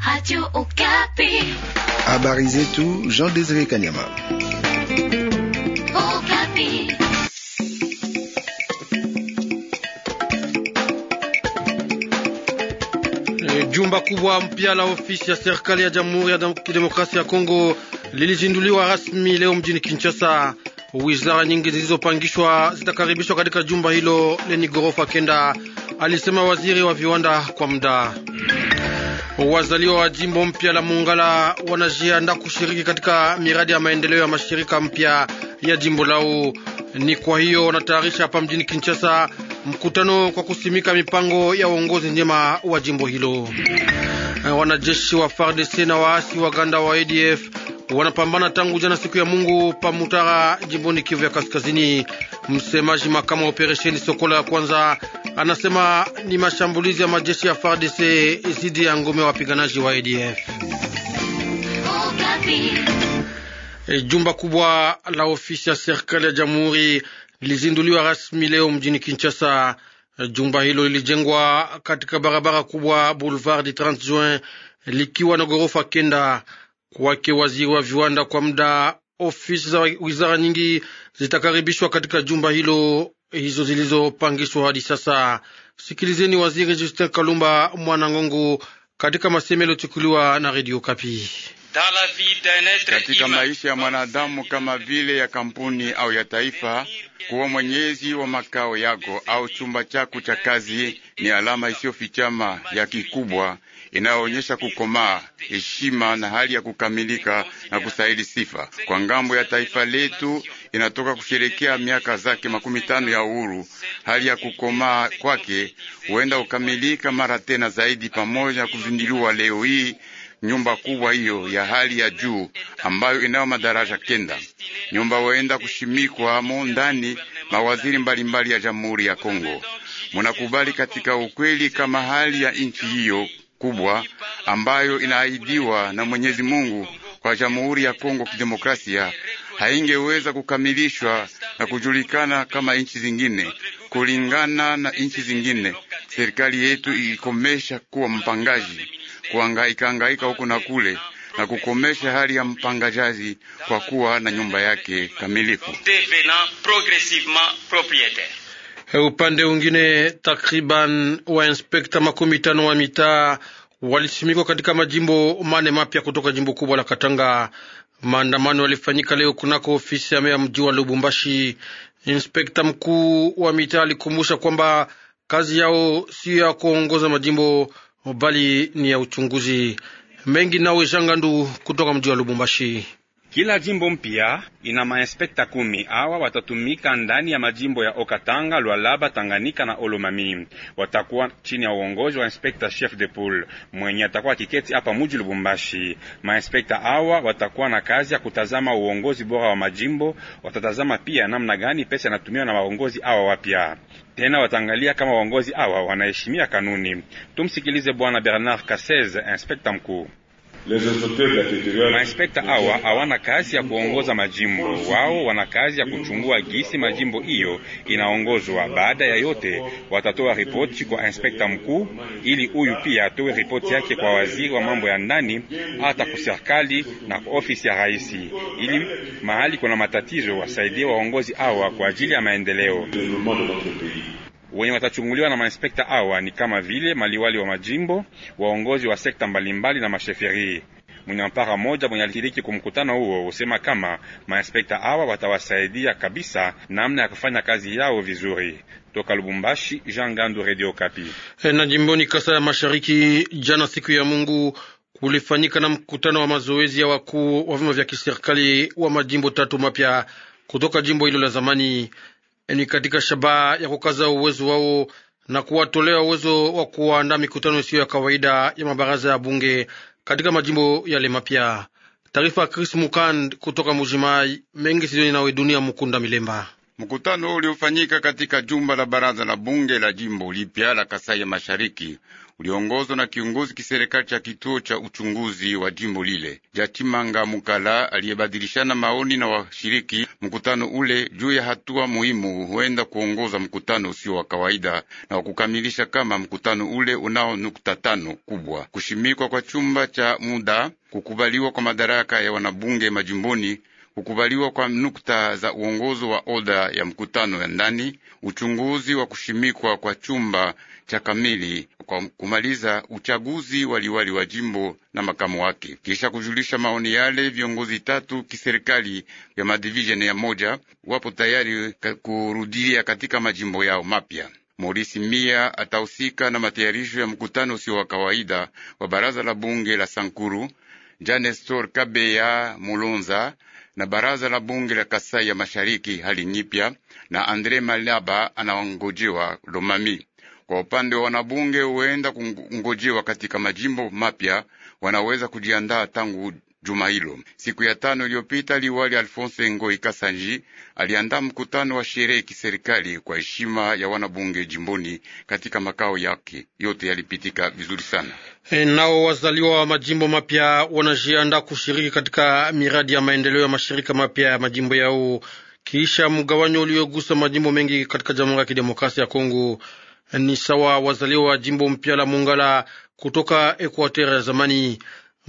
Radio Okapi. Habari zetu Jean Désiré Kanyama. Okapi. Eh, jumba kubwa mpya la ofisi ya serikali ya Jamhuri ya Kidemokrasia ya Kongo lilizinduliwa rasmi leo mjini Kinshasa. Wizara nyingi zilizopangishwa zitakaribishwa katika jumba hilo lenye ghorofa kenda, alisema waziri wa viwanda kwa muda Wazaliwa wa jimbo mpya la Mongala wanajiandaa kushiriki katika miradi ya maendeleo ya mashirika mpya ya jimbo lao. Ni kwa hiyo wanatayarisha hapa mjini Kinshasa mkutano kwa kusimika mipango ya uongozi njema wa jimbo hilo. Wanajeshi wa FARDC na waasi wa ganda wa ADF wanapambana tangu jana siku ya Mungu pamutara jimboni Kivu ya Kaskazini. Msemaji makamu wa operesheni Sokola ya kwanza anasema ni mashambulizi ya majeshi ya FARDC zidi ya ngome ya wapiganaji wa ADF. E, jumba kubwa la ofisi ya serikali ya jamhuri lilizinduliwa rasmi leo mjini Kinshasa. E, jumba hilo lilijengwa katika barabara kubwa Boulevard du 30 Juin likiwa na ghorofa kenda kwake waziri wa viwanda kwa muda. Ofisi za wizara nyingi zitakaribishwa katika jumba hilo, hizo zilizopangishwa hadi sasa. Sikilizeni waziri Justin Kalumba Mwanangongo katika masemelo yaliyochukuliwa na redio Kapi. Katika maisha ya mwanadamu kama vile ya kampuni au ya taifa, kuwa mwenyezi wa makao yako au chumba chako cha kazi ni alama isiyofichama ya kikubwa inayoonyesha kukomaa, heshima na hali ya kukamilika na kustahili sifa kwa ngambo ya taifa letu. Inatoka kusherekea miaka zake makumi tano ya uhuru. Hali ya kukomaa kwake huenda ukamilika mara tena zaidi, pamoja na kuzinduliwa leo hii nyumba kubwa hiyo ya hali ya juu ambayo inayo madaraja kenda. Nyumba huenda mo ndani mawaziri mbalimbali mbali ya Jamhuri ya Kongo. Munakubali katika ukweli kama hali ya nchi hiyo kubwa ambayo inaahidiwa na Mwenyezi Mungu kwa Jamhuri ya Kongo Kidemokrasia haingeweza kukamilishwa na kujulikana kama nchi zingine. Kulingana na nchi zingine, serikali yetu ilikomesha kuwa mpangaji, kuhangaikahangaika huku na kule, na kukomesha hali ya mpangajazi kwa kuwa na nyumba yake kamilifu. Eh, upande ungine takriban wainspekta makumi tano wa mitaa walisimikwa katika majimbo mane mapya kutoka jimbo kubwa la Katanga. Maandamano yalifanyika leo kunako ofisi ya meya mji wa Lubumbashi. Inspekta mkuu wa mitaa alikumbusha kwamba kazi yao siyo ya kuongoza majimbo bali ni ya uchunguzi mengi. Nawe Shangandu kutoka mji wa Lubumbashi. Kila jimbo mpya ina mainspekta kumi. Awa watatumika ndani ya majimbo ya Okatanga, Lwalaba, Tanganyika na Olomami. Watakuwa chini ya uongozi wa inspekta chef de pool mwenye atakuwa kiketi hapa muji Lubumbashi. Mainspekta awa watakuwa na kazi ya kutazama uongozi bora wa majimbo. Watatazama pia namna gani pesa inatumiwa na waongozi awa wapya. Tena wataangalia kama waongozi awa wanaheshimia kanuni. Tumsikilize Bwana Bernard Kasez, inspekta mkuu. Mainspekta awa hawana kazi ya kuongoza majimbo, wao wana kazi ya kuchungua gisi majimbo hiyo inaongozwa. Baada ya yote, watatoa ripoti kwa inspekta mkuu, ili huyu pia atoe ripoti yake kwa waziri wa mambo ya ndani, hata kwa serikali na kwa ofisi ya rais, ili mahali kuna matatizo wasaidie waongozi awa kwa ajili ya maendeleo wenye watachunguliwa na mainspekta hawa ni kama vile maliwali wa majimbo, waongozi wa sekta mbalimbali na masheferi. Mwenyampara moja mwenye alishiriki kumkutano huo usema kama mainspekta hawa watawasaidia kabisa namna ya kufanya kazi yao vizuri. Toka Lubumbashi, Jean Gandu, Radio Kapi. Eh, na jimboni Kasa ya Mashariki, jana siku ya Mungu kulifanyika na mkutano wa mazoezi ya wakuu wa vyama vya kiserikali wa majimbo tatu mapya kutoka jimbo hilo la zamani ni katika shabaha ya kukaza uwezo wao na kuwatolea uwezo wa kuandaa mikutano isiyo ya kawaida ya mabaraza ya bunge katika majimbo yale mapya. Taarifa Chris Mukand kutoka Mujimai mengi Sidoni nawe Dunia Mukunda Milemba. Mkutano uliofanyika katika jumba la baraza la bunge la jimbo lipya la Kasai ya Mashariki uliongozwa na kiongozi kiserikali cha kituo cha uchunguzi wa jimbo lile Jatimanga Mukala, aliyebadilishana maoni na washiriki mkutano ule juu ya hatua muhimu huenda kuongoza mkutano usio wa kawaida na wa kukamilisha kama mkutano ule unao nukta tano kubwa: kushimikwa kwa chumba cha muda, kukubaliwa kwa madaraka ya wanabunge majimboni kukubaliwa kwa nukta za uongozo wa oda ya mkutano ya ndani, uchunguzi wa kushimikwa kwa chumba cha kamili kwa kumaliza uchaguzi liwali wa jimbo na makamu wake, kisha kujulisha maoni yale. Viongozi tatu kiserikali ya madivisheni ya moja wapo tayari kurudia katika majimbo yao mapya. Morisi Mia atahusika na matayarisho ya mkutano usio wa kawaida wa baraza la bunge la Sankuru. Janestor Kabeya Mulonza na baraza la bunge la Kasai ya Mashariki hali nyipya na Andre Malaba anaongojiwa Lomami. Kwa upande wa wanabunge huenda kungojiwa katika majimbo mapya, wanaweza kujiandaa tangu juma hilo. Siku ya tano iliyopita, liwali Alfonse Ngoi Kasanji aliandaa mkutano wa sherehe kiserikali kwa heshima ya wanabunge jimboni katika makao yake. Yote yalipitika vizuri sana. E, nao wazaliwa wa majimbo mapya wanajiandaa kushiriki katika miradi ya maendeleo ya mashirika mapya ya majimbo yao kisha mgawanyo uliogusa majimbo mengi katika Jamhuri ya Kidemokrasia ya Kongo. Eh, ni sawa wazaliwa wa jimbo mpya la Mongala kutoka ekuatera ya zamani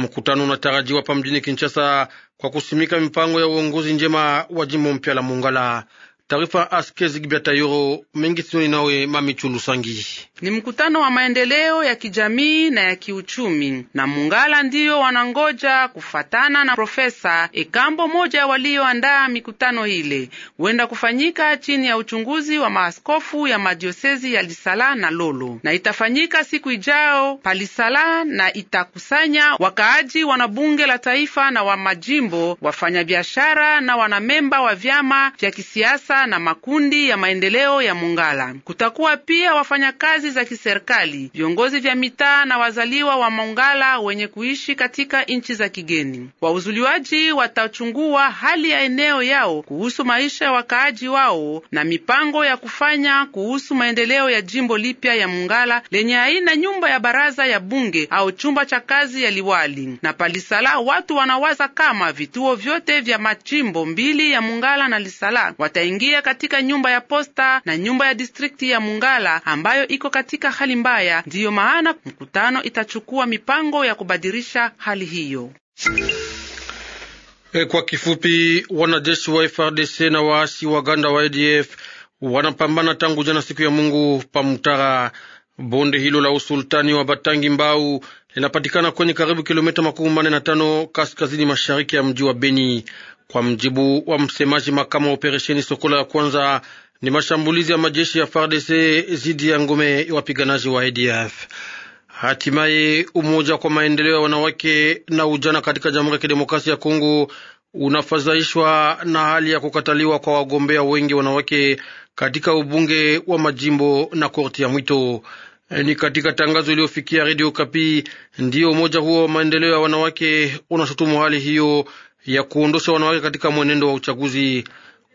Mkutano unatarajiwa pa mjini Kinshasa kwa kusimika mipango ya uongozi njema wa jimbo mpya la Mongala. Taarifa Askezi Gibyatayoro mengi sioni nawe Mami Chulu Sangi. Ni mkutano wa maendeleo ya kijamii na ya kiuchumi na Mungala ndiyo wanangoja kufatana na profesa Ekambo, moja walioandaa mikutano ile huenda kufanyika chini ya uchunguzi wa maaskofu ya madiosezi ya Lisala na Lolo, na itafanyika siku ijao Palisala, na itakusanya wakaaji, wanabunge la taifa na wa majimbo, wafanyabiashara na wanamemba wa vyama vya kisiasa na makundi ya maendeleo ya mungala Kutakuwa pia wafanyakazi za kiserikali, viongozi vya mitaa na wazaliwa wa mungala wenye kuishi katika nchi za kigeni. Wauzuliwaji watachungua hali ya eneo yao kuhusu maisha ya wakaaji wao na mipango ya kufanya kuhusu maendeleo ya jimbo lipya ya mungala lenye haina nyumba ya baraza ya bunge au chumba cha kazi ya liwali. Na palisala watu wanawaza kama vituo vyote vya majimbo mbili ya mungala na Lisala wataingia kuingia katika nyumba ya posta na nyumba ya distrikti ya Mungala ambayo iko katika hali mbaya. Ndiyo maana mkutano itachukua mipango ya kubadilisha hali hiyo. E, kwa kifupi, wanajeshi wa FRDC na waasi wa Uganda wa ADF wanapambana tangu jana siku ya Mungu pamtara bonde hilo la usultani wa Batangi Mbau linapatikana kwenye karibu kilomita makumi manne na tano kaskazini mashariki ya mji wa Beni. Kwa mjibu wa msemaji makama wa operesheni Sokola ya kwanza, ni mashambulizi ya majeshi ya FARDC dhidi ya ngome ya wapiganaji wa ADF. Hatimaye umoja kwa maendeleo ya wanawake na ujana katika Jamhuri ya Kidemokrasia ya Kongo unafadhaishwa na hali ya kukataliwa kwa wagombea wengi wanawake katika ubunge wa majimbo na korti ya mwito. Eh, ni katika tangazo iliyofikia redio Kapi. Ndiyo umoja huo wa maendeleo ya wanawake unashutumu hali hiyo ya kuondosha wanawake katika mwenendo wa uchaguzi.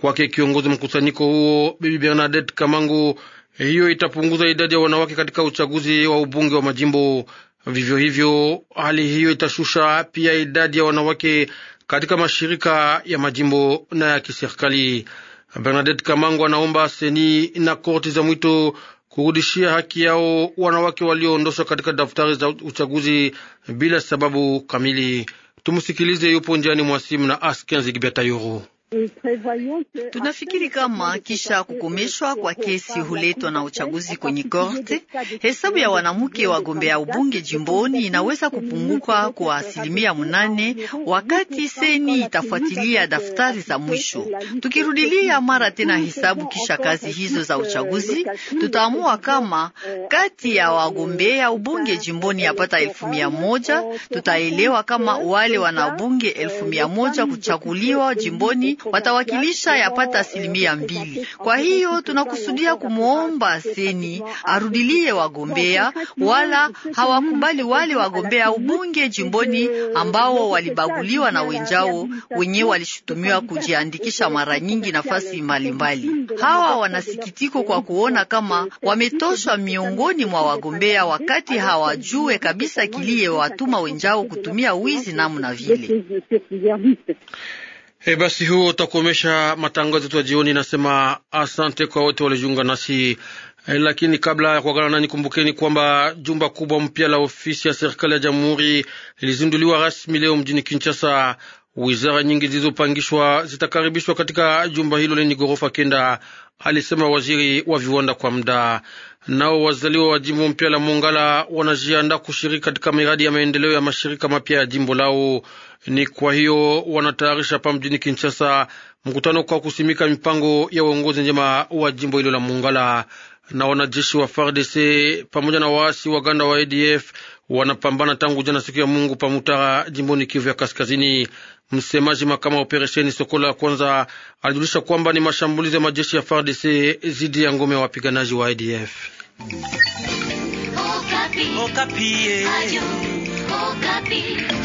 Kwake kiongozi mkusanyiko huo Bibi Bernadette Kamangu, hiyo itapunguza idadi ya wanawake katika uchaguzi wa ubunge wa majimbo. Vivyo hivyo, hali hiyo itashusha pia idadi ya wanawake katika mashirika ya majimbo na ya kiserikali. Bernadette Kamangu anaomba seni na korti za mwito kurudishia haki yao wanawake walioondoshwa katika daftari za uchaguzi bila sababu kamili. Tumsikilize, yupo njiani mwasimu na Askenzi Gibeta Tunafikiri kama kisha kukomeshwa kwa kesi huletwa na uchaguzi kwenye korte, hesabu ya wanamke wagombea euh, euh, ubunge jimboni inaweza kupunguka kwa asilimia mnane wakati seni itafuatilia daftari za mwisho. Tukirudilia mara tena hesabu kisha kazi hizo za uchaguzi, tutaamua kama kati ya wagombea ubunge jimboni yapata elfu mia moja euh, tutaelewa kama wale wana bunge elfu mia moja kuchaguliwa jimboni watawakilisha yapata asilimia mbili. Kwa hiyo tunakusudia kumwomba Seni arudilie wagombea, wala hawakubali wale wagombea ubunge jimboni ambao walibaguliwa na wenjao wenye walishutumiwa kujiandikisha mara nyingi nafasi mbalimbali. Hawa wanasikitiko kwa kuona kama wametoshwa miongoni mwa wagombea, wakati hawajue kabisa kiliye watuma wenjao kutumia wizi namna vile. He, eh, basi huo utakomesha matangazo yetu ya jioni. Nasema asante kwa wote walijiunga nasi. Eh, lakini kabla ya kuagana nanyi, kumbukeni kwamba jumba kubwa mpya la ofisi ya serikali ya jamhuri lilizinduliwa rasmi leo mjini Kinshasa. Wizara nyingi zilizopangishwa zitakaribishwa katika jumba hilo lenye ghorofa kenda, alisema waziri wa viwanda kwa muda. Nao wazaliwa wa jimbo mpya la Mongala wanajiandaa kushiriki katika miradi ya maendeleo ya mashirika mapya ya jimbo lao. Ni kwa hiyo wanatayarisha hapa mjini Kinshasa mkutano kwa kusimika mipango ya uongozi njema wa jimbo hilo la Mongala na wanajeshi wa FARDC pamoja na waasi waganda wa ADF wanapambana tangu jana siku ya Mungu pamutara jimboni Kivu ya Kaskazini. Msemaji makama operesheni Sokola ya kwanza alijulisha kwamba ni mashambulizi ya majeshi ya FARDC dhidi ya ngome ya wapiganaji wa ADF. Okapi. Okapi. Eh.